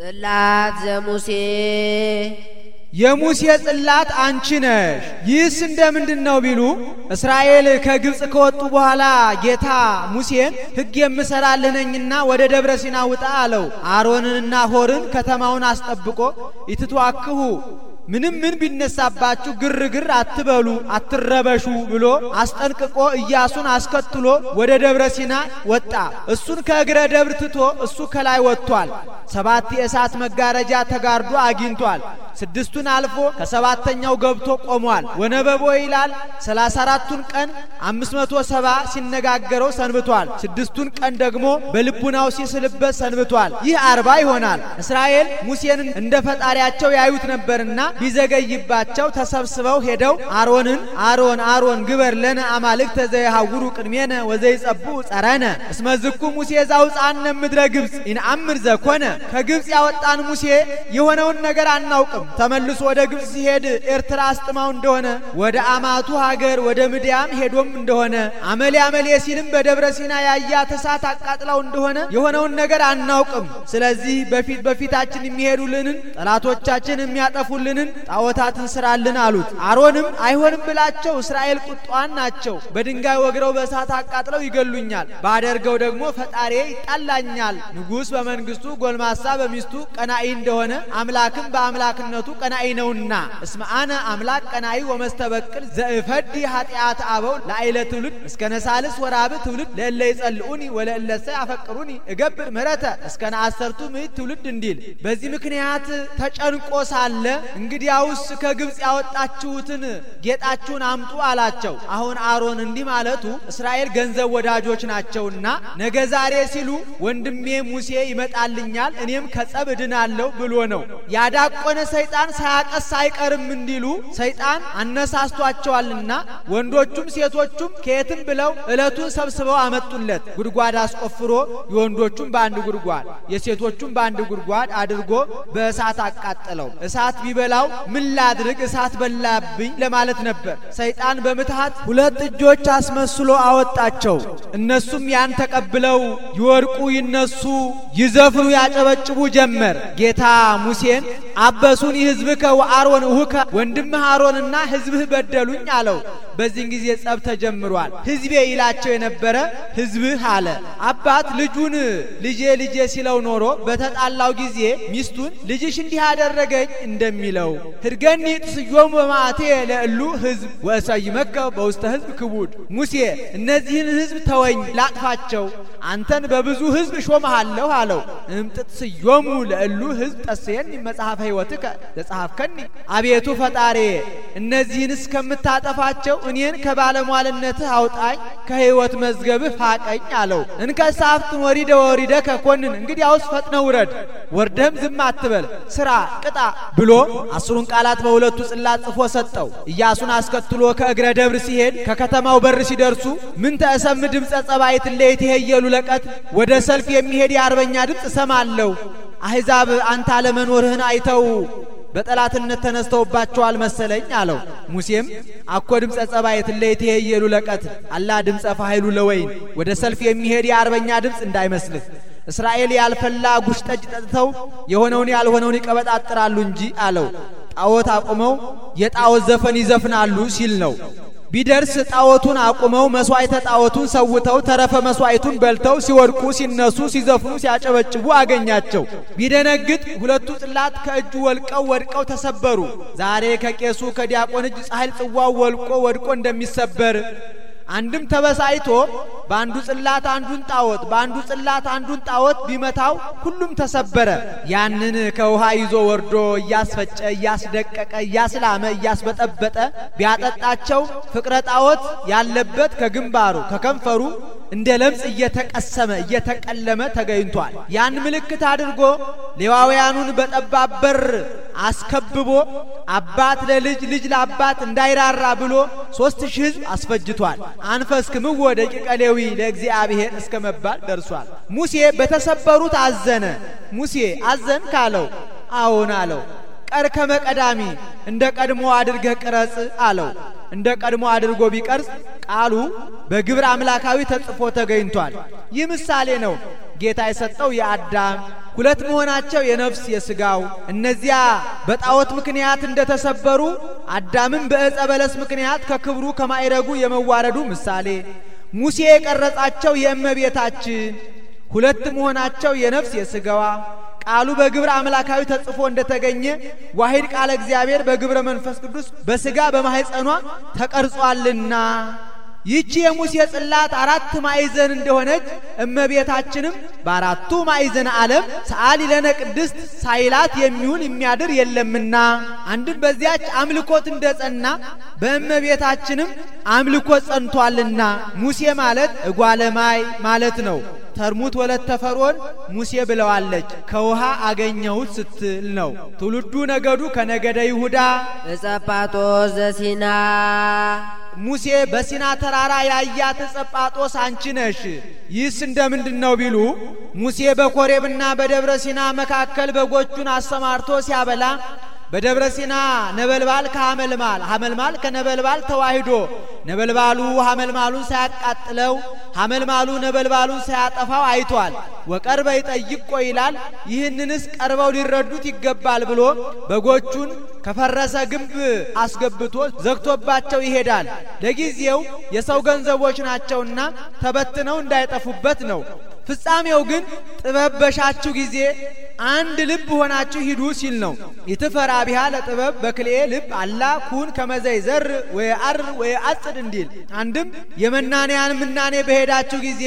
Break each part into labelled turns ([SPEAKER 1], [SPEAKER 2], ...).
[SPEAKER 1] ጽላት ዘሙሴ የሙሴ ጽላት አንቺ ነሽ። ይህስ እንደምንድን ነው ቢሉ እስራኤል ከግብፅ ከወጡ በኋላ ጌታ ሙሴን ሕግ የምሰራልህ ነኝና ወደ ደብረ ሲና ውጣ አለው። አሮንንና ሆርን ከተማውን አስጠብቆ ይትቷክሁ ምንም ምን ቢነሳባችሁ ግርግር አትበሉ፣ አትረበሹ ብሎ አስጠንቅቆ ኢያሱን አስከትሎ ወደ ደብረ ሲና ወጣ። እሱን ከእግረ ደብር ትቶ እሱ ከላይ ወጥቷል። ሰባት የእሳት መጋረጃ ተጋርዶ አግኝቷል። ስድስቱን አልፎ ከሰባተኛው ገብቶ ቆሟል። ወነበቦ ይላል ሰላሳ አራቱን ቀን አምስት መቶ ሰባ ሲነጋገረው ሰንብቷል። ስድስቱን ቀን ደግሞ በልቡናው ሲስልበት ሰንብቷል። ይህ አርባ ይሆናል። እስራኤል ሙሴን እንደ ፈጣሪያቸው ያዩት ነበርና ቢዘገይባቸው ተሰብስበው ሄደው አሮንን አሮን አሮን ግበር ለነ አማልክተ ዘየሐውሩ ቅድሜነ ወዘይጸብኡ ጸረነ እስመ ዝኩ ሙሴ ዘአውጻእነ እምድረ ግብፅ ኢንአምር ዘኮነ። ከግብፅ ያወጣን ሙሴ የሆነውን ነገር አናውቅም። ተመልሶ ወደ ግብፅ ሲሄድ ኤርትራ አስጥማው እንደሆነ ወደ አማቱ ሀገር ወደ ምድያም ሄዶም እንደሆነ አመሌ አመሌ ሲልም በደብረ ሲና ያያ ተሳት አቃጥላው እንደሆነ የሆነውን ነገር አናውቅም። ስለዚህ በፊት በፊታችን የሚሄዱልንን ጠላቶቻችን የሚያጠፉልንን ግን ጣዖታትን ስራልን አሉት። አሮንም አይሆንም ብላቸው እስራኤል ቁጧን ናቸው፣ በድንጋይ ወግረው በእሳት አቃጥለው ይገሉኛል፣ ባደርገው ደግሞ ፈጣሪ ይጣላኛል። ንጉሥ በመንግስቱ ጎልማሳ በሚስቱ ቀናኢ እንደሆነ አምላክም በአምላክነቱ ቀናኢ ነውና እስመ አነ አምላክ ቀናኢ ወመስተበቅል ዘእፈዲ ኃጢአት አበው ለአይለ ትውልድ እስከ ነሳልስ ወራብ ትውልድ ለእለ ይጸልኡኒ ወለእለሰ ያፈቅሩኒ እገብር ምረተ እስከ ነአሰርቱ ምት ትውልድ እንዲል በዚህ ምክንያት ተጨንቆ ሳለ እንግ እንግዲያውስ ከግብፅ ያወጣችሁትን ጌጣችሁን አምጡ አላቸው። አሁን አሮን እንዲህ ማለቱ እስራኤል ገንዘብ ወዳጆች ናቸውና ነገ ዛሬ ሲሉ ወንድሜ ሙሴ ይመጣልኛል እኔም ከጸብ እድናለሁ ብሎ ነው። ያዳቆነ ሰይጣን ሳያቀስ አይቀርም እንዲሉ ሰይጣን አነሳስቷቸዋልና ወንዶቹም ሴቶቹም ከየትም ብለው እለቱን ሰብስበው አመጡለት። ጉድጓድ አስቆፍሮ የወንዶቹም በአንድ ጉድጓድ የሴቶቹም በአንድ ጉድጓድ አድርጎ በእሳት አቃጠለው። እሳት ቢበላው ሌላው ምን ላድርግ እሳት በላብኝ ለማለት ነበር። ሰይጣን በምትሃት ሁለት እጆች አስመስሎ አወጣቸው። እነሱም ያን ተቀብለው ይወድቁ፣ ይነሱ፣ ይዘፍኑ፣ ያጨበጭቡ ጀመር። ጌታ ሙሴን አበሱኒ ህዝብከ ወአሮን እሁከ ወንድምህ አሮንና ህዝብህ በደሉኝ አለው። በዚህን ጊዜ ጸብ ተጀምሯል። ህዝቤ ይላቸው የነበረ ህዝብህ አለ። አባት ልጁን ልጄ ልጄ ሲለው ኖሮ በተጣላው ጊዜ ሚስቱን ልጅሽ እንዲህ አደረገኝ እንደሚለው ህድገኒ ጥስዮም በማቴ ለእሉ ህዝብ ወእሰይመከ በውስተ ህዝብ ክቡድ ሙሴ እነዚህን ህዝብ ተወኝ ላጥፋቸው፣ አንተን በብዙ ህዝብ እሾመሃለሁ አለው። እምጥጥስዮሙ ለእሉ ህዝብ ጠስየን መጽሐፈ ሕይወትከ ዘጸሐፍከኒ አቤቱ ፈጣሬ እነዚህን እስከምታጠፋቸው እኔን ከባለሟልነትህ አውጣኝ፣ ከህይወት መዝገብህ ፋቀኝ አለው። እንከሳፍትን ወሪደ ወሪደ ከኮንን እንግዲያውስ ፈጥነ ውረድ፣ ወርደህም ዝም አትበል፣ ስራ ቅጣ ብሎ አስሩን ቃላት በሁለቱ ጽላት ጽፎ ሰጠው። ኢያሱን አስከትሎ ከእግረ ደብር ሲሄድ ከከተማው በር ሲደርሱ ምን ተእሰም ድምፀ ጸባይት እለ ለቀት ወደ ሰልፍ የሚሄድ የአርበኛ ድምፅ እሰማለሁ አሕዛብ አንተ አለመኖርህን አይተው በጠላትነት ተነስተውባቸዋል መሰለኝ አለው። ሙሴም አኮ ድምፀ ጸባየት ለይት የየሉ ለቀት አላ ድምፀ ፋይሉ ለወይን ወደ ሰልፍ የሚሄድ የአርበኛ ድምፅ እንዳይመስልህ እስራኤል ያልፈላ ጉሽ ጠጅ ጠጥተው የሆነውን ያልሆነውን ይቀበጣጥራሉ እንጂ አለው። ጣዖት አቁመው የጣዖት ዘፈን ይዘፍናሉ ሲል ነው። ቢደርስ ጣዖቱን አቁመው መስዋዕተ ጣዖቱን ሰውተው ተረፈ መስዋዕቱን በልተው ሲወድቁ ሲነሱ ሲዘፍኑ ሲያጨበጭቡ አገኛቸው። ቢደነግጥ ሁለቱ ጽላት ከእጁ ወልቀው ወድቀው ተሰበሩ። ዛሬ ከቄሱ ከዲያቆን እጅ ጻሕል ጽዋው ወልቆ ወድቆ እንደሚሰበር አንድም ተበሳይቶ በአንዱ ጽላት አንዱን ጣዖት በአንዱ ጽላት አንዱን ጣዖት ቢመታው ሁሉም ተሰበረ። ያንን ከውሃ ይዞ ወርዶ እያስፈጨ እያስደቀቀ እያስላመ እያስበጠበጠ ቢያጠጣቸው ፍቅረ ጣዖት ያለበት ከግንባሩ ከከንፈሩ እንደ ለምጽ እየተቀሰመ እየተቀለመ ተገኝቷል። ያን ምልክት አድርጎ ሌዋውያኑን በጠባብ በር አስከብቦ አባት ለልጅ ልጅ ለአባት እንዳይራራ ብሎ ሶስት ሺህ አስፈጅቷል። አንፈስክምዎ ደቂቀ ሌዊ ለእግዚአብሔር እስከ መባል ደርሷል። ሙሴ በተሰበሩት አዘነ። ሙሴ አዘን ካለው አዎን አለው። ቀር ከመቀዳሚ እንደ ቀድሞ አድርገ ቅረጽ አለው። እንደ ቀድሞ አድርጎ ቢቀርጽ ቃሉ በግብር አምላካዊ ተጽፎ ተገኝቷል። ይህ ምሳሌ ነው ጌታ የሰጠው የአዳም ሁለት መሆናቸው የነፍስ የስጋው እነዚያ በጣዖት ምክንያት እንደተሰበሩ አዳምን በእጸ በለስ ምክንያት ከክብሩ ከማይረጉ የመዋረዱ ምሳሌ ሙሴ የቀረጻቸው የእመቤታችን ሁለት መሆናቸው የነፍስ የስጋዋ ቃሉ በግብር አምላካዊ ተጽፎ እንደተገኘ ዋሂድ ቃለ እግዚአብሔር በግብረ መንፈስ ቅዱስ በስጋ በማህፀኗ ተቀርጿልና ይቺ የሙሴ ጽላት አራት ማዕዘን እንደሆነች እመቤታችንም በአራቱ ማዕዘን ዓለም ሰዓሊ ለነ ቅድስት ሳይላት የሚውል የሚያድር የለምና አንድም በዚያች አምልኮት እንደጸና በእመቤታችንም አምልኮ ጸንቷልና ሙሴ ማለት እጓለማይ ማለት ነው። ተርሙት ወለተ ፈርዖን ሙሴ ብለዋለች። ከውሃ አገኘሁት ስትል ነው። ትውልዱ ነገዱ ከነገደ ይሁዳ እጸጳጦስ ዘሲና ሙሴ በሲና ተራራ ያያት ጸጳጦስ አንቺ ነሽ። ይህስ እንደምንድን ነው ቢሉ ሙሴ በኮሬብና በደብረ ሲና መካከል በጎቹን አሰማርቶ ሲያበላ በደብረ ሲና ነበልባል ከሐመልማል ሐመልማል ከነበልባል ተዋሂዶ ነበልባሉ ሐመልማሉን ሳያቃጥለው ሐመልማሉ ነበልባሉን ሳያጠፋው አይቷል። ወቀርበ ይጠይቆ ይላል። ይህንንስ ቀርበው ሊረዱት ይገባል ብሎ በጎቹን ከፈረሰ ግንብ አስገብቶ ዘግቶባቸው ይሄዳል። ለጊዜው የሰው ገንዘቦች ናቸውና ተበትነው እንዳይጠፉበት ነው። ፍጻሜው ግን ጥበብ በሻችሁ ጊዜ አንድ ልብ ሆናችሁ ሂዱ ሲል ነው። ይትፈራ ቢሃ ለጥበብ በክልኤ ልብ አላ ኩን ከመዘይ ዘር ወይ አጽድ እንዲል። አንድም የመናንያን ምናኔ በሄዳችሁ ጊዜ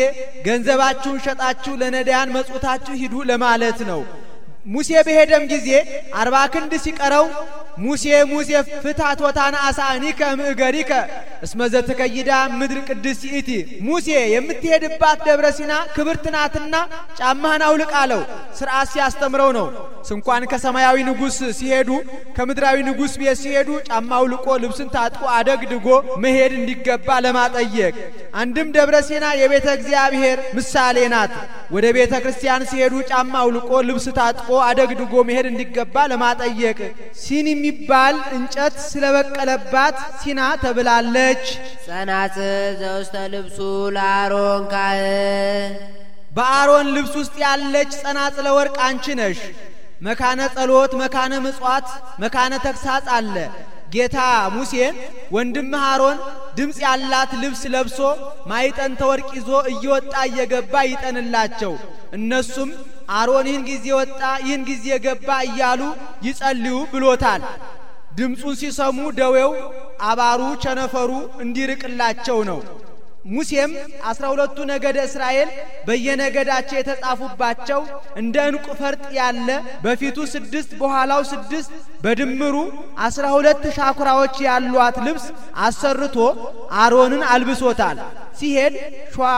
[SPEAKER 1] ገንዘባችሁን ሸጣችሁ ለነዳያን መጽታችሁ ሂዱ ለማለት ነው። ሙሴ በሄደም ጊዜ አርባ ክንድ ሲቀረው ሙሴ ሙሴ ፍታት ወታና አሳእኒከ ምእገሪከ እስመዘ ትከይዳ ምድር ቅድስት ይእቲ ሙሴ የምትሄድባት ደብረ ሲና ክብርት ናትና ጫማህን አውልቅ አለው። ስርዓት ሲያስተምረው ነው። ስንኳን ከሰማያዊ ንጉሥ ሲሄዱ ከምድራዊ ንጉሥ ቤት ሲሄዱ ጫማ አውልቆ ልብስን ታጥቆ አደግድጎ መሄድ እንዲገባ ለማጠየቅ አንድም ደብረ ሲና የቤተ እግዚአብሔር ምሳሌ ናት። ወደ ቤተ ክርስቲያን ሲሄዱ ጫማ አውልቆ ልብስ ታጥቆ አደግድጎ መሄድ እንዲገባ ለማጠየቅ ሲን የሚባል እንጨት ስለበቀለባት ሲና ተብላለች። ጸናጽል ዘውስተ ልብሱ ለአሮን ካህን በአሮን ልብስ ውስጥ ያለች ጸናጽለ ወርቅ አንቺ ነሽ። መካነ ጸሎት፣ መካነ ምጽዋት፣ መካነ ተግሳጽ አለ። ጌታ ሙሴን ወንድም አሮን ድምፅ ያላት ልብስ ለብሶ ማይጠንተ ወርቅ ይዞ እየወጣ እየገባ ይጠንላቸው እነሱም አሮን ይህን ጊዜ ወጣ፣ ይህን ጊዜ ገባ እያሉ ይጸልዩ ብሎታል። ድምፁን ሲሰሙ ደዌው፣ አባሩ፣ ቸነፈሩ እንዲርቅላቸው ነው። ሙሴም አስራ ሁለቱ ነገደ እስራኤል በየነገዳቸው የተጻፉባቸው እንደ እንቁ ፈርጥ ያለ በፊቱ ስድስት በኋላው ስድስት በድምሩ አስራ ሁለት ሻኩራዎች ያሏት ልብስ አሰርቶ አሮንን አልብሶታል። ሲሄድ ሿ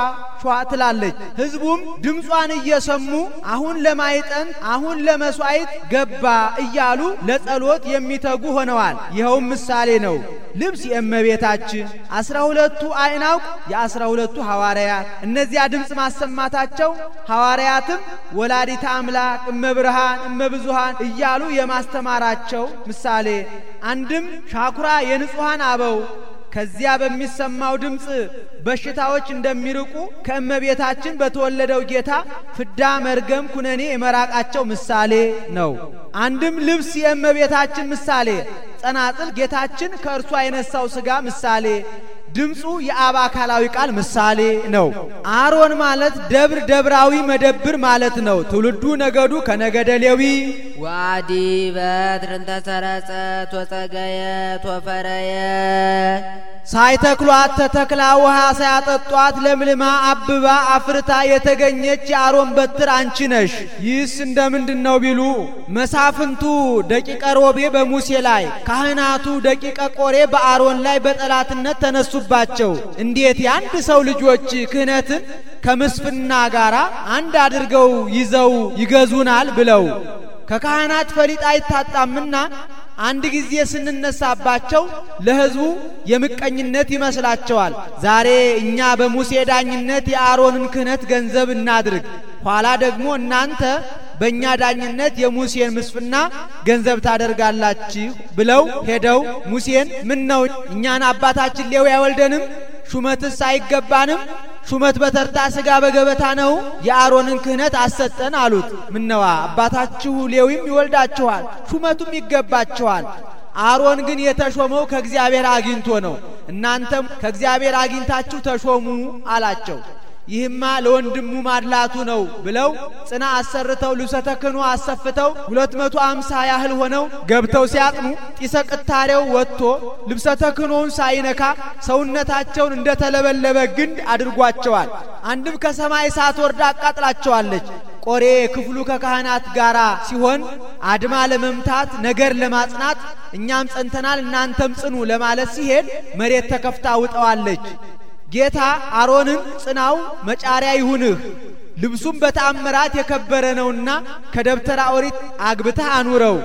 [SPEAKER 1] ሿ ትላለች። ሕዝቡም ድምጿን እየሰሙ አሁን ለማይጠን አሁን ለመሥዋዕት ገባ እያሉ ለጸሎት የሚተጉ ሆነዋል። ይኸውም ምሳሌ ነው። ልብስ የእመቤታችን አስራ ሁለቱ አይናውቅ የአስራ ሁለቱ ሐዋርያት እነዚያ ድምፅ ማሰማታቸው ሐዋርያትም ወላዲተ አምላክ እመብርሃን እመብዙሃን እያሉ የማስተማራቸው ምሳሌ አንድም ሻኩራ የንጹሐን አበው ከዚያ በሚሰማው ድምፅ በሽታዎች እንደሚርቁ ከእመቤታችን በተወለደው ጌታ ፍዳ፣ መርገም፣ ኩነኔ የመራቃቸው ምሳሌ ነው። አንድም ልብስ የእመቤታችን ምሳሌ፣ ጸናጽል ጌታችን ከእርሷ የነሳው ሥጋ ምሳሌ ድምፁ የአብ አካላዊ ቃል ምሳሌ ነው። አሮን ማለት ደብር ደብራዊ መደብር ማለት ነው። ትውልዱ ነገዱ ከነገደ ሌዊ ዋዲ በትር ተሰረጸ ተጸገየ ተፈረየ ሳይተክሏት ተተክላ ውሃ ሳያጠጧት ለምልማ አብባ አፍርታ የተገኘች የአሮን በትር አንቺ ነሽ። ይህስ እንደ ምንድን ነው ቢሉ መሳፍንቱ ደቂቀ ሮቤ በሙሴ ላይ፣ ካህናቱ ደቂቀ ቆሬ በአሮን ላይ በጠላትነት ተነሱባቸው። እንዴት የአንድ ሰው ልጆች ክህነትን ከምስፍና ጋር አንድ አድርገው ይዘው ይገዙናል ብለው ከካህናት ፈሊጥ አይታጣምና አንድ ጊዜ ስንነሳባቸው ለሕዝቡ የምቀኝነት ይመስላቸዋል። ዛሬ እኛ በሙሴ ዳኝነት የአሮንን ክህነት ገንዘብ እናድርግ፣ ኋላ ደግሞ እናንተ በእኛ ዳኝነት የሙሴን ምስፍና ገንዘብ ታደርጋላችሁ ብለው ሄደው ሙሴን ምን ነው እኛን አባታችን ሌዊ አይወልደንም? ሹመትስ አይገባንም? ሹመት በተርታ ስጋ በገበታ ነው፣ የአሮንን ክህነት አሰጠን አሉት። ምነዋ አባታችሁ ሌዊም ይወልዳችኋል፣ ሹመቱም ይገባችኋል። አሮን ግን የተሾመው ከእግዚአብሔር አግኝቶ ነው፣ እናንተም ከእግዚአብሔር አግኝታችሁ ተሾሙ አላቸው። ይህማ ለወንድሙ ማድላቱ ነው ብለው ጽና አሰርተው ልብሰ ተክህኖ አሰፍተው ሁለት መቶ አምሳ ያህል ሆነው ገብተው ሲያጥኑ ጢሰ ቅታሬው ወጥቶ ልብሰ ተክህኖውን ሳይነካ ሰውነታቸውን እንደ ተለበለበ ግንድ አድርጓቸዋል። አንድም ከሰማይ እሳት ወርዳ አቃጥላቸዋለች። ቆሬ ክፍሉ ከካህናት ጋር ሲሆን አድማ ለመምታት ነገር ለማጽናት እኛም ጸንተናል እናንተም ጽኑ ለማለት ሲሄድ መሬት ተከፍታ ውጠዋለች። ጌታ አሮንን ጽናው መጫሪያ ይሁንህ፣ ልብሱም በተአምራት የከበረ ነውና ከደብተራ ኦሪት አግብተህ አኑረው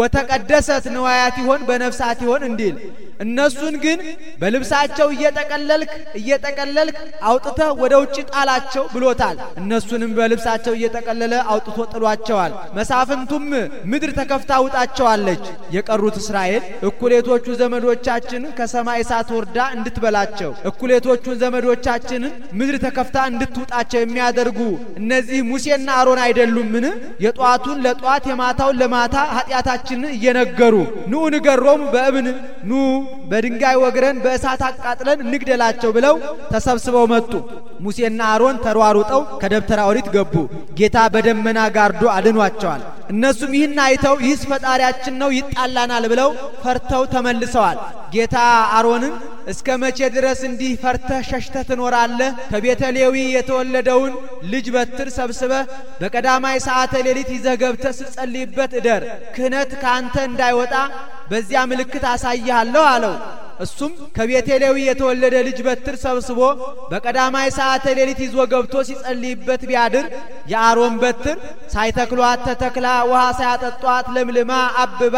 [SPEAKER 1] ወተቀደሰት ንዋያት ይሆን በነፍሳት ይሆን እንዲል እነሱን ግን በልብሳቸው እየጠቀለልክ እየጠቀለልክ አውጥተህ ወደ ውጭ ጣላቸው ብሎታል። እነሱንም በልብሳቸው እየጠቀለለ አውጥቶ ጥሏቸዋል። መሳፍንቱም ምድር ተከፍታ ውጣቸዋለች። የቀሩት እስራኤል እኩሌቶቹ ዘመዶቻችን ከሰማይ እሳት ወርዳ እንድትበላቸው፣ እኩሌቶቹን ዘመዶቻችንን ምድር ተከፍታ እንድትውጣቸው የሚያደርጉ እነዚህ ሙሴና አሮን አይደሉምን? የጧዋቱን ለጧት የማታውን ለማታ ኃጢአታችንን እየነገሩ ኑ ንገሮም በእብን ኑ በድንጋይ ወግረን በእሳት አቃጥለን እንግደላቸው ብለው ተሰብስበው መጡ። ሙሴና አሮን ተሯሩጠው ከደብተራ ኦሪት ገቡ። ጌታ በደመና ጋርዶ አድኗቸዋል። እነሱም ይህን አይተው ይህስ ፈጣሪያችን ነው ይጣላናል ብለው ፈርተው ተመልሰዋል። ጌታ አሮንን እስከ መቼ ድረስ እንዲህ ፈርተህ ሸሽተህ ትኖራለህ? ከቤተ ሌዊ የተወለደውን ልጅ በትር ሰብስበህ በቀዳማይ ሰዓተ ሌሊት ይዘህ ገብተህ ስትጸልይበት እደር። ክህነት ከአንተ እንዳይወጣ በዚያ ምልክት አሳይሃለሁ አለው። እሱም ከቤተሌዊ የተወለደ ልጅ በትር ሰብስቦ በቀዳማይ ሰዓተ ሌሊት ይዞ ገብቶ ሲጸልይበት ቢያድር የአሮን በትር ሳይተክሏት ተተክላ ውሃ ሳያጠጧት ለምልማ አብባ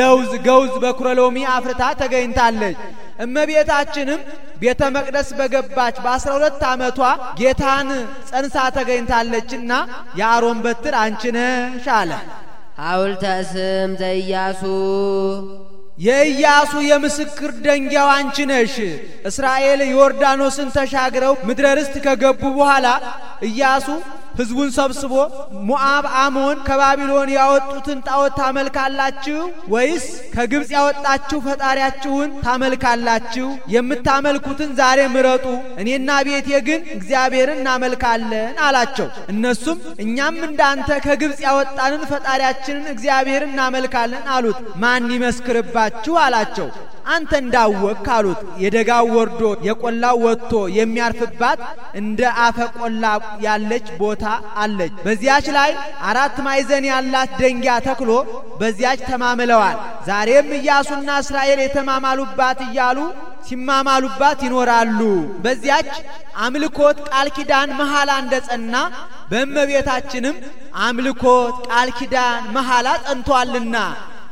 [SPEAKER 1] ለውዝ ገውዝ በኩረሎሚ አፍርታ ተገኝታለች። እመቤታችንም ቤተ መቅደስ በገባች በአስራ ሁለት ዓመቷ ጌታን ጸንሳ ተገኝታለችና የአሮን በትር አንቺ ነሽ አለ። ሐውልተ ስም ዘኢያሱ የኢያሱ የምስክር ደንጊያው አንቺ ነሽ። እስራኤል ዮርዳኖስን ተሻግረው ምድረ ርስት ከገቡ በኋላ ኢያሱ ህዝቡን ሰብስቦ ሞአብ፣ አሞን ከባቢሎን ያወጡትን ጣዖት ታመልካላችሁ ወይስ ከግብፅ ያወጣችሁ ፈጣሪያችሁን ታመልካላችሁ? የምታመልኩትን ዛሬ ምረጡ፣ እኔና ቤቴ ግን እግዚአብሔርን እናመልካለን አላቸው። እነሱም እኛም እንዳንተ ከግብፅ ያወጣንን ፈጣሪያችንን እግዚአብሔርን እናመልካለን አሉት። ማን ይመስክርባችሁ አላቸው። አንተ እንዳወቅ ካሉት የደጋው ወርዶ የቆላው ወጥቶ የሚያርፍባት እንደ አፈ ቆላ ያለች ቦታ አለች። በዚያች ላይ አራት ማዕዘን ያላት ደንጊያ ተክሎ በዚያች ተማምለዋል። ዛሬም ኢያሱና እስራኤል የተማማሉባት እያሉ ሲማማሉባት ይኖራሉ። በዚያች አምልኮት ቃል ኪዳን መሐላ እንደ ጸና በእመቤታችንም አምልኮት ቃል ኪዳን መሐላ ጸንቷልና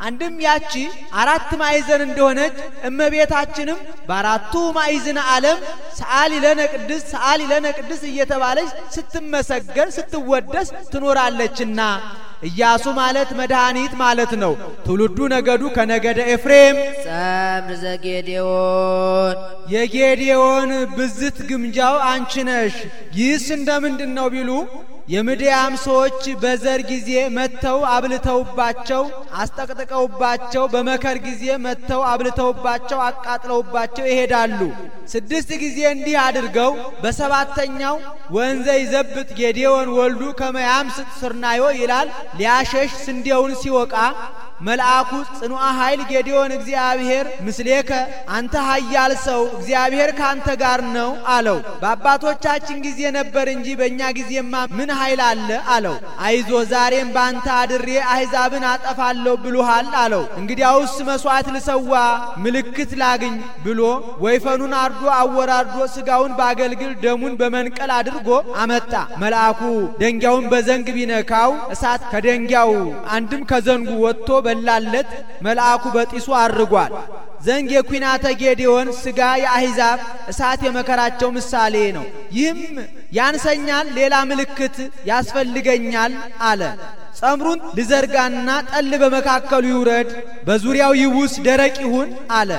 [SPEAKER 1] አንድም ያቺ አራት ማዕዘን እንደሆነች እመቤታችንም በአራቱ ማዕዘን ዓለም ሰዓሊ ለነ ቅድስት ሰዓሊ ለነ ቅድስት እየተባለች ስትመሰገን ስትወደስ ትኖራለችና ኢያሱ ማለት መድኃኒት ማለት ነው። ትውልዱ ነገዱ ከነገደ ኤፍሬም ጸምር ዘጌዴዎን የጌዴዎን ብዝት ግምጃው አንቺ ነሽ። ይህስ እንደምንድን ነው ቢሉ የምድያም ሰዎች በዘር ጊዜ መጥተው አብልተውባቸው አስጠቅጥቀውባቸው፣ በመከር ጊዜ መጥተው አብልተውባቸው አቃጥለውባቸው ይሄዳሉ። ስድስት ጊዜ እንዲህ አድርገው በሰባተኛው ወንዘ ይዘብጥ ጌዴዎን ወልዱ ከመያምስጥ ስርናዮ ይላል። ሊያሸሽ ስንዴውን ሲወቃ መልአኩ ጽኑአ ኃይል ጌዲዮን እግዚአብሔር ምስሌከ አንተ ኃያል ሰው እግዚአብሔር ካንተ ጋር ነው አለው። በአባቶቻችን ጊዜ ነበር እንጂ በእኛ ጊዜማ ምን ኃይል አለ አለው። አይዞ ዛሬም በአንተ አድሬ አሕዛብን አጠፋለሁ ብሎሃል አለው። እንግዲያውስ መሥዋዕት ልሰዋ ምልክት ላግኝ ብሎ ወይፈኑን አርዶ አወራርዶ ሥጋውን ባገልግል ደሙን በመንቀል አድርጎ አመጣ። መልአኩ ደንጊያውን በዘንግ ቢነካው እሳት ከደንጊያው አንድም ከዘንጉ ወጥቶ በላለት መልአኩ በጢሱ አድርጓል። ዘንግ የኩናተ ጌዴዎን ስጋ የአሕዛብ እሳት የመከራቸው ምሳሌ ነው። ይህም ያንሰኛል፣ ሌላ ምልክት ያስፈልገኛል አለ። ጸምሩን ልዘርጋና ጠል በመካከሉ ይውረድ፣ በዙሪያው ይውስ፣ ደረቅ ይሁን አለ።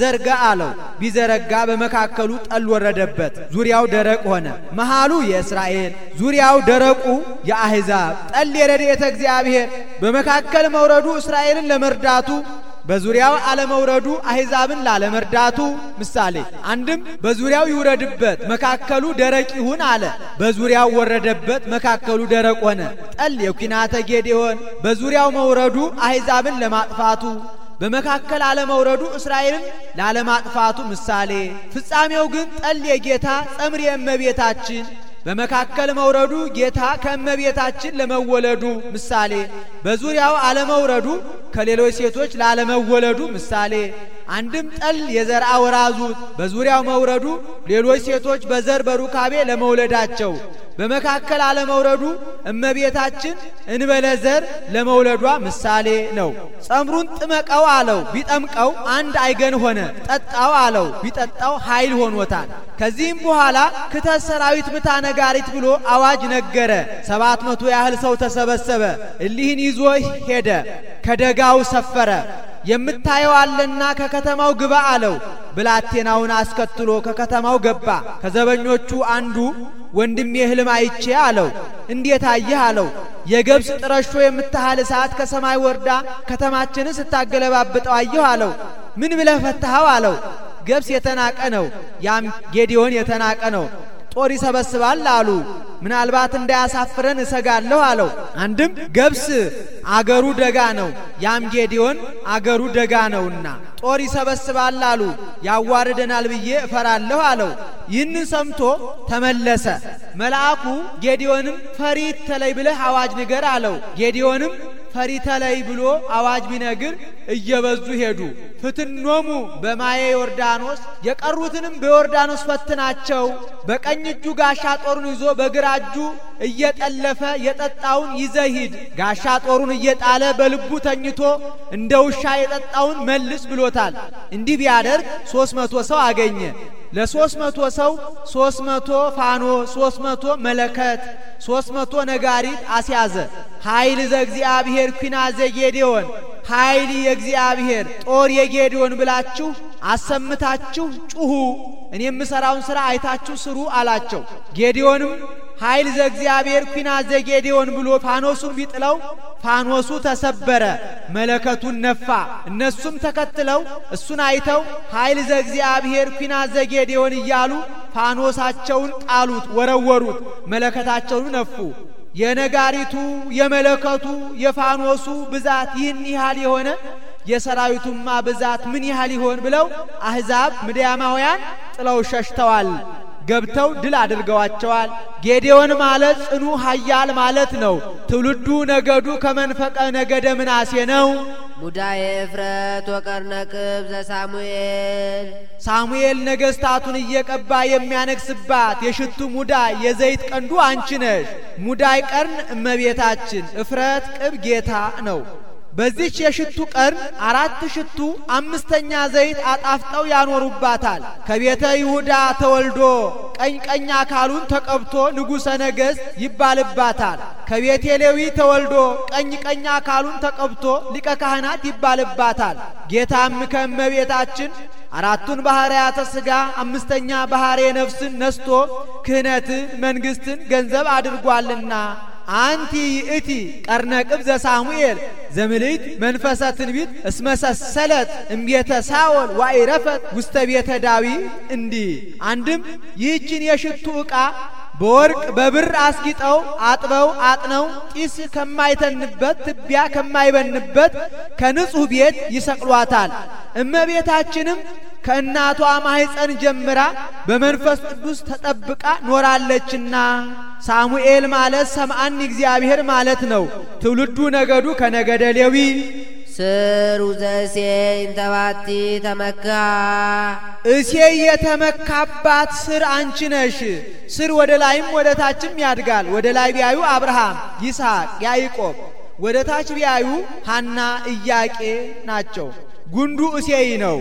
[SPEAKER 1] ዘርጋ አለው። ቢዘረጋ በመካከሉ ጠል ወረደበት፣ ዙሪያው ደረቅ ሆነ። መሃሉ የእስራኤል ዙሪያው ደረቁ የአሕዛብ ጠል የረድኤተ እግዚአብሔር በመካከል መውረዱ እስራኤልን ለመርዳቱ በዙሪያው አለመውረዱ አሕዛብን ላለመርዳቱ ምሳሌ፣ አንድም በዙሪያው ይውረድበት መካከሉ ደረቅ ይሁን አለ። በዙሪያው ወረደበት መካከሉ ደረቅ ሆነ። ጠል የኩናተ ጌዴዎን በዙሪያው መውረዱ አሕዛብን ለማጥፋቱ በመካከል አለመውረዱ እስራኤልን ላለማጥፋቱ ምሳሌ፣ ፍጻሜው ግን ጠል የጌታ ጸምር የእመቤታችን በመካከል መውረዱ ጌታ ከእመቤታችን ለመወለዱ ምሳሌ፣ በዙሪያው አለመውረዱ ከሌሎች ሴቶች ላለመወለዱ ምሳሌ አንድም ጠል የዘርአ ወራዙ በዙሪያው መውረዱ ሌሎች ሴቶች በዘር በሩካቤ ለመውለዳቸው በመካከል አለመውረዱ እመቤታችን እንበለ ዘር ለመውለዷ ምሳሌ ነው። ጸምሩን ጥመቀው አለው፣ ቢጠምቀው አንድ አይገን ሆነ። ጠጣው አለው፣ ቢጠጣው ኃይል ሆኖታል። ከዚህም በኋላ ክተት ሰራዊት ምታ ነጋሪት ብሎ አዋጅ ነገረ። ሰባት መቶ ያህል ሰው ተሰበሰበ። እሊህን ይዞ ሄደ፣ ከደጋው ሰፈረ። የምታየው አለና ከከተማው ግባ አለው። ብላቴናውን አስከትሎ ከከተማው ገባ። ከዘበኞቹ አንዱ ወንድሜ ሕልም አይቼ አለው። እንዴት አየህ አለው። የገብስ ጥረሾ የምታህል እሳት ከሰማይ ወርዳ ከተማችንን ስታገለባብጠው አየሁ አለው። ምን ብለህ ፈታኸው አለው። ገብስ የተናቀ ነው፣ ያም ጌዲዮን የተናቀ ነው። ጦር ይሰበስባል አሉ። ምናልባት እንዳያሳፍረን እሰጋለሁ አለው። አንድም ገብስ አገሩ ደጋ ነው፣ ያም ጌዲዮን አገሩ ደጋ ነውና ጦር ይሰበስባል አሉ። ያዋርደናል ብዬ እፈራለሁ አለው። ይህንን ሰምቶ ተመለሰ። መልአኩ ጌዲዮንም ፈሪ ተለይ ብለህ አዋጅ ንገር አለው። ጌዲዮንም ፈሪ ተለይ ብሎ አዋጅ ቢነግር እየበዙ ሄዱ። ፍትኖሙ በማየ ዮርዳኖስ የቀሩትንም በዮርዳኖስ ፈትናቸው። በቀኝ እጁ ጋሻ ጦሩን ይዞ በግራ እጁ እየጠለፈ የጠጣውን ይዘሂድ ጋሻ ጦሩን እየጣለ በልቡ ተኝቶ እንደ ውሻ የጠጣውን መልስ ብሎታል። እንዲህ ቢያደርግ ሶስት መቶ ሰው አገኘ። ለሶስት መቶ ሰው ሶስት መቶ ፋኖ፣ ሶስት መቶ መለከት፣ ሶስት መቶ ነጋሪት አስያዘ። ኃይል ዘግዚአብሔር ኩና ዘጌዴዎን ኃይል የእግዚአብሔር ጦር የጌዲዮን ብላችሁ አሰምታችሁ ጩሁ እኔ የምሠራውን ሥራ አይታችሁ ስሩ አላቸው። ጌዲዮንም ኃይል ዘእግዚአብሔር ኩና ዘጌዲዮን ብሎ ፋኖሱን ቢጥለው ፋኖሱ ተሰበረ፣ መለከቱን ነፋ። እነሱም ተከትለው እሱን አይተው ኃይል ዘእግዚአብሔር ኩና ዘጌዲዮን እያሉ ፋኖሳቸውን ጣሉት፣ ወረወሩት፣ መለከታቸውን ነፉ። የነጋሪቱ የመለከቱ የፋኖሱ ብዛት ይህን ያህል የሆነ የሰራዊቱማ ብዛት ምን ያህል ይሆን ብለው አህዛብ ምድያማውያን ጥለው ሸሽተዋል። ገብተው ድል አድርገዋቸዋል። ጌዴዎን ማለት ጽኑ ኃያል ማለት ነው። ትውልዱ ነገዱ ከመንፈቀ ነገደ ምናሴ ነው። ሙዳየ እፍረት ወቀርነ ቅብ ዘሳሙኤል ሳሙኤል ነገስታቱን እየቀባ የሚያነግስባት የሽቱ ሙዳ የዘይት ቀንዱ አንቺ ነሽ። ሙዳይ ቀርን እመቤታችን፣ እፍረት ቅብ ጌታ ነው። በዚች የሽቱ ቀን አራት ሽቱ አምስተኛ ዘይት አጣፍጠው ያኖሩባታል። ከቤተ ይሁዳ ተወልዶ ቀኝ ቀኝ አካሉን ተቀብቶ ንጉሠ ነገሥት ይባልባታል። ከቤተ ሌዊ ተወልዶ ቀኝ ቀኝ አካሉን ተቀብቶ ሊቀ ካህናት ይባልባታል። ጌታም ከእመቤታችን አራቱን ባህርያተ ሥጋ አምስተኛ ባህሬ ነፍስን ነስቶ ክህነትን መንግሥትን ገንዘብ አድርጓልና አንቲ ይእቲ ቀርነ ቅብዘ ሳሙኤል ዘምልይት መንፈሰ ትንቢት እስመሰሰለት እምቤተ ዋይ ረፈት ውስተ ቤተ ዳዊ እንዲ አንድም ይህችን የሽቱ ዕቃ በወርቅ በብር አስጊጠው አጥበው አጥነው ጢስ ከማይተንበት ትቢያ ከማይበንበት ከንጹሕ ቤት ይሰቅሏታል። እመቤታችንም ከእናቷ ማኅፀን ጀምራ በመንፈስ ቅዱስ ተጠብቃ ኖራለችና ሳሙኤል ማለት ሰምአን እግዚአብሔር ማለት ነው። ትውልዱ ነገዱ ከነገደ ሌዊ ስሩ ዘሴ እንተባቲ ተመካ እሴ የተመካባት ስር አንቺ ነሽ። ስር ወደ ላይም ወደ ታችም ያድጋል። ወደ ላይ ቢያዩ አብርሃም፣ ይስሐቅ፣ ያዕቆብ፣ ወደ ታች ቢያዩ ሐና፣ እያቄ ናቸው። ጉንዱ እሴይ ነው።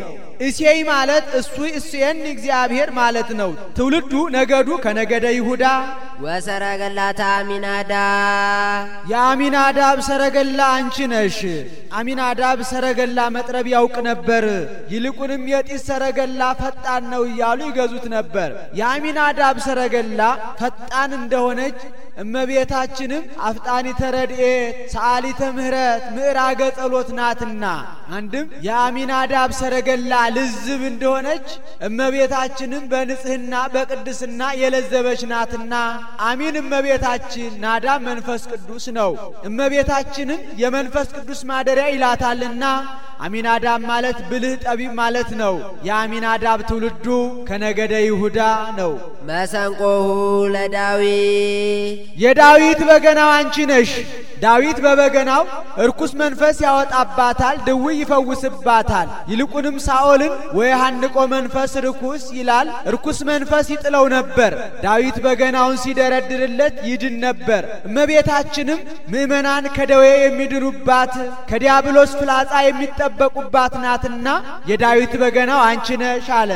[SPEAKER 1] እሴይ ማለት እሱ እሴን እግዚአብሔር ማለት ነው። ትውልዱ ነገዱ ከነገደ ይሁዳ ወሰረገላታ አሚናዳ የአሚናዳብ ሰረገላ አንቺ ነሽ። አሚናዳብ ሰረገላ መጥረብ ያውቅ ነበር። ይልቁንም የጢስ ሰረገላ ፈጣን ነው እያሉ ይገዙት ነበር። የአሚናዳብ ሰረገላ ፈጣን እንደሆነች እመቤታችንም አፍጣኒተ ረድኤት ሰዓሊተ ምሕረት ምዕራገ ጸሎት ናትና አንድም የአሚናዳብ ሰረገላ ልዝብ እንደሆነች እመቤታችንም በንጽህና በቅድስና የለዘበች ናትና አሚን። እመቤታችን ናዳ መንፈስ ቅዱስ ነው። እመቤታችንም የመንፈስ ቅዱስ ማደሪያ ይላታልና አሚናዳብ ማለት ብልህ ጠቢብ ማለት ነው። የአሚናዳብ ትውልዱ ከነገደ ይሁዳ ነው። መሰንቆሁ ለዳዊት የዳዊት በገናው አንቺ ነሽ። ዳዊት በበገናው እርኩስ መንፈስ ያወጣባታል፣ ድውይ ይፈውስባታል። ይልቁንም ሳኦል ሳኦልን ወይሃንቆ መንፈስ ርኩስ ይላል። ርኩስ መንፈስ ይጥለው ነበር። ዳዊት በገናውን ሲደረድርለት ይድን ነበር። እመቤታችንም ምእመናን ከደዌ የሚድኑባት ከዲያብሎስ ፍላጻ የሚጠበቁባት ናትና የዳዊት በገናው አንቺ ነሽ አለ።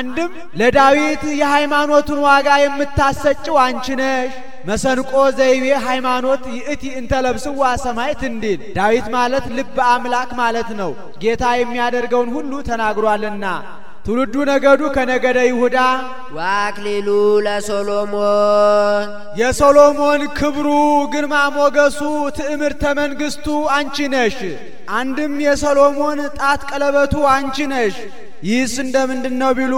[SPEAKER 1] አንድም ለዳዊት የሃይማኖቱን ዋጋ የምታሰጭው አንቺ ነሽ መሰንቆ ዘይቤ ሃይማኖት ይእቲ እንተለብስዋ ሰማይት እንዲል ዳዊት ማለት ልብ አምላክ ማለት ነው። ጌታ የሚያደርገውን ሁሉ ተናግሯልና። ትውልዱ ነገዱ ከነገደ ይሁዳ ወአክሊሉ ለሶሎሞን የሶሎሞን ክብሩ ግርማ ሞገሱ ትዕምርተ መንግስቱ አንቺ ነሽ። አንድም የሶሎሞን ጣት ቀለበቱ አንቺ ነሽ። ይህስ እንደ ምንድን ነው ቢሉ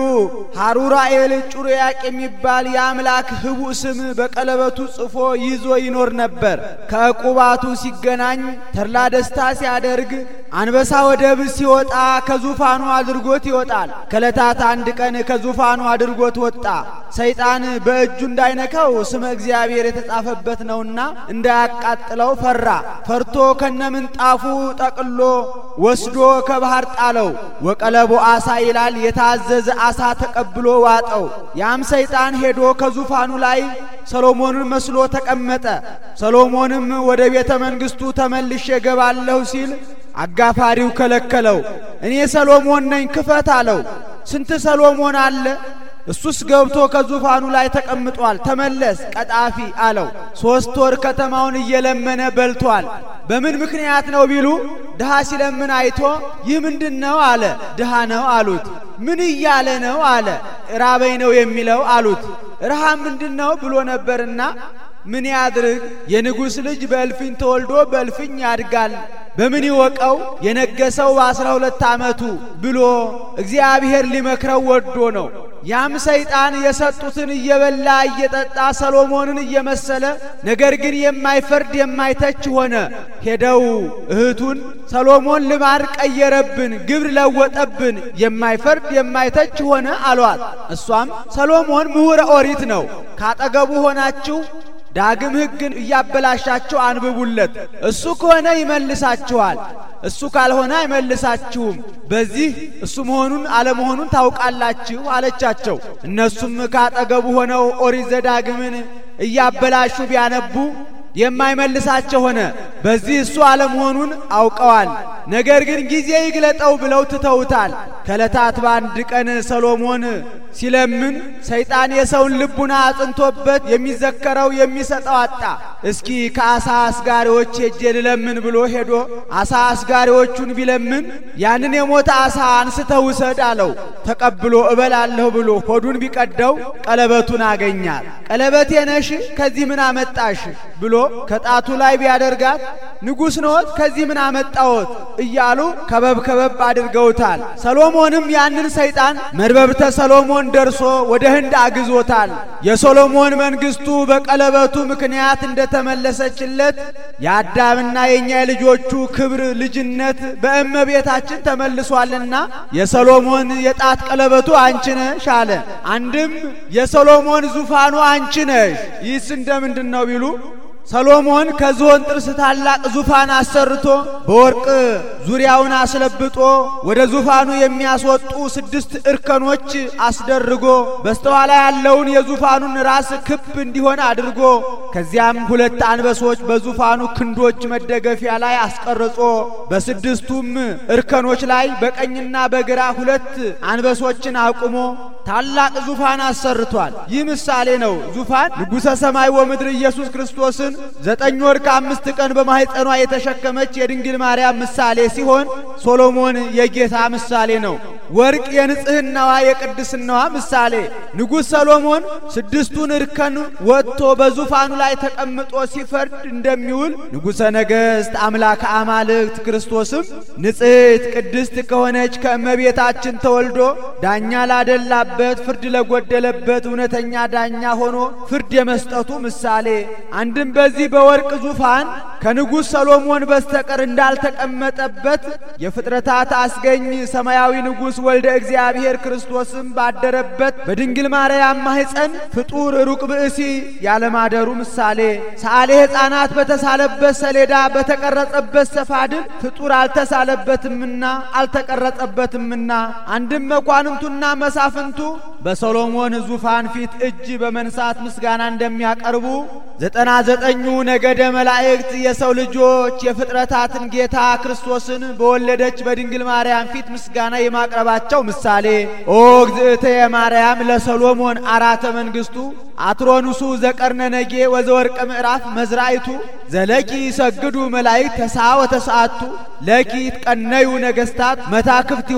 [SPEAKER 1] ሀሩራኤል ጩርያቅ የሚባል የአምላክ ህቡ ስም በቀለበቱ ጽፎ ይዞ ይኖር ነበር። ከእቁባቱ ሲገናኝ ተድላ ደስታ ሲያደርግ አንበሳ ወደብ ሲወጣ ከዙፋኑ አድርጎት ይወጣል። ከለታት አንድ ቀን ከዙፋኑ አድርጎት ወጣ። ሰይጣን በእጁ እንዳይነካው ስመ እግዚአብሔር የተጻፈበት ነውና እንዳያቃጥለው ፈራ። ፈርቶ ከነምንጣፉ ጠቅሎ ወስዶ ከባህር ጣለው። ወቀለቦ አሳ ይላል የታዘዘ አሳ ተቀብሎ ዋጠው። ያም ሰይጣን ሄዶ ከዙፋኑ ላይ ሰሎሞንን መስሎ ተቀመጠ። ሰሎሞንም ወደ ቤተ መንግሥቱ ተመልሼ ገባለሁ ሲል አጋፋሪው ከለከለው። እኔ ሰሎሞን ነኝ ክፈት አለው። ስንት ሰሎሞን አለ? እሱስ ገብቶ ከዙፋኑ ላይ ተቀምጧል። ተመለስ ቀጣፊ አለው። ሶስት ወር ከተማውን እየለመነ በልቷል። በምን ምክንያት ነው ቢሉ ድሃ ሲለምን አይቶ ይህ ምንድን ነው አለ። ድሃ ነው አሉት። ምን እያለ ነው አለ። ራበኝ ነው የሚለው አሉት። ረሃ ምንድን ነው ብሎ ነበርና ምን ያድርግ? የንጉሥ ልጅ በእልፍኝ ተወልዶ በእልፍኝ ያድጋል። በምን ይወቀው? የነገሰው በአስራ ሁለት ዓመቱ ብሎ እግዚአብሔር ሊመክረው ወዶ ነው። ያም ሰይጣን የሰጡትን እየበላ እየጠጣ ሰሎሞንን እየመሰለ ነገር ግን የማይፈርድ የማይተች ሆነ። ሄደው እህቱን ሰሎሞን ልማድ ቀየረብን፣ ግብር ለወጠብን፣ የማይፈርድ የማይተች ሆነ አሏት። እሷም ሰሎሞን ምሁረ ኦሪት ነው፣ ካጠገቡ ሆናችሁ ዳግም ሕግን እያበላሻችሁ አንብቡለት፣ እሱ ከሆነ ይመልሳችኋል እሱ ካልሆነ አይመልሳችሁም። በዚህ እሱ መሆኑን አለመሆኑን ታውቃላችሁ አለቻቸው። እነሱም ካጠገቡ ሆነው ኦሪት ዘዳግምን እያበላሹ ቢያነቡ የማይመልሳቸው ሆነ። በዚህ እሱ አለመሆኑን አውቀዋል። ነገር ግን ጊዜ ይግለጠው ብለው ትተውታል። ከለታት በአንድ ቀን ሰሎሞን ሲለምን ሰይጣን የሰውን ልቡና አጽንቶበት የሚዘከረው የሚሰጠው አጣ። እስኪ ከአሳ አስጋሪዎች ሄጄ ልለምን ብሎ ሄዶ አሳ አስጋሪዎቹን ቢለምን ያንን የሞተ አሳ አንስተህ ውሰድ አለው። ተቀብሎ እበላለሁ ብሎ ሆዱን ቢቀደው ቀለበቱን አገኛል። ቀለበቴ ነሽ ከዚህ ምን አመጣሽ ብሎ ከጣቱ ላይ ቢያደርጋት ንጉሥ ነዎት ከዚህ ምን አመጣዎት እያሉ ከበብ ከበብ አድርገውታል። ሰሎሞንም ያንን ሰይጣን መርበብተ ሰሎሞን ደርሶ ወደ ህንድ አግዞታል። የሶሎሞን መንግስቱ በቀለበቱ ምክንያት እንደተመለሰችለት የአዳምና የእኛ የልጆቹ ክብር ልጅነት በእመቤታችን ተመልሷልና የሰሎሞን የጣት ቀለበቱ አንቺ ነሽ አለ። አንድም የሶሎሞን ዙፋኑ አንቺ ነሽ ይህስ እንደምንድን ነው ቢሉ ሰሎሞን ከዝሆን ጥርስ ታላቅ ዙፋን አሰርቶ በወርቅ ዙሪያውን አስለብጦ ወደ ዙፋኑ የሚያስወጡ ስድስት እርከኖች አስደርጎ በስተኋላ ያለውን የዙፋኑን ራስ ክብ እንዲሆን አድርጎ ከዚያም ሁለት አንበሶች በዙፋኑ ክንዶች መደገፊያ ላይ አስቀርጾ በስድስቱም እርከኖች ላይ በቀኝና በግራ ሁለት አንበሶችን አቁሞ ታላቅ ዙፋን አሰርቷል። ይህ ምሳሌ ነው። ዙፋን ንጉሠ ሰማይ ወምድር ኢየሱስ ክርስቶስን ዘጠኝ ወር ከአምስት ቀን በማኅፀኗ የተሸከመች የድንግል ማርያም ምሳሌ ሲሆን ሶሎሞን የጌታ ምሳሌ ነው። ወርቅ የንጽህናዋ የቅድስናዋ ምሳሌ፣ ንጉሥ ሰሎሞን ስድስቱን እርከን ወጥቶ በዙፋኑ ላይ ተቀምጦ ሲፈርድ እንደሚውል ንጉሠ ነገሥት አምላከ አማልክት ክርስቶስም ንጽሕት ቅድስት ከሆነች ከእመቤታችን ተወልዶ ዳኛ ላደላበት ፍርድ ለጎደለበት እውነተኛ ዳኛ ሆኖ ፍርድ የመስጠቱ ምሳሌ አንድም በ በዚህ በወርቅ ዙፋን ከንጉሥ ሰሎሞን በስተቀር እንዳልተቀመጠበት የፍጥረታት አስገኝ ሰማያዊ ንጉሥ ወልደ እግዚአብሔር ክርስቶስም ባደረበት በድንግል ማርያም ማኅፀን ፍጡር ሩቅ ብእሲ ያለማደሩ ምሳሌ ሰዓሌ ሕፃናት በተሳለበት ሰሌዳ በተቀረጸበት ሰፋድን ፍጡር አልተሳለበትምና አልተቀረጸበትምና አንድም መኳንንቱና መሳፍንቱ በሰሎሞን ዙፋን ፊት እጅ በመንሳት ምስጋና እንደሚያቀርቡ ዘጠና ዘጠኙ ነገደ መላእክት የሰው ልጆች የፍጥረታትን ጌታ ክርስቶስን በወለደች በድንግል ማርያም ፊት ምስጋና የማቅረባቸው ምሳሌ ኦ እግዝእትየ ማርያም ለሰሎሞን አራተ መንግስቱ አትሮኑሱ ዘቀርነ ነጌ ወዘወርቅ ምዕራፍ መዝራይቱ ዘለኪ ይሰግዱ መላእክት ተሳ ወተስዓቱ ለኪ ይትቀነዩ ነገስታት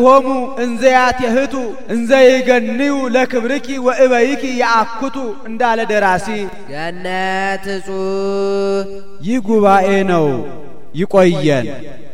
[SPEAKER 1] ሆሙ እንዘያት የህቱ እንዘ ይገንዩ ለክብርኪ ወእበይኪ ያአኩቱ እንዳለ ደራሲ ገነት እጹ ይህ ጉባኤ ነው። ይቆየን።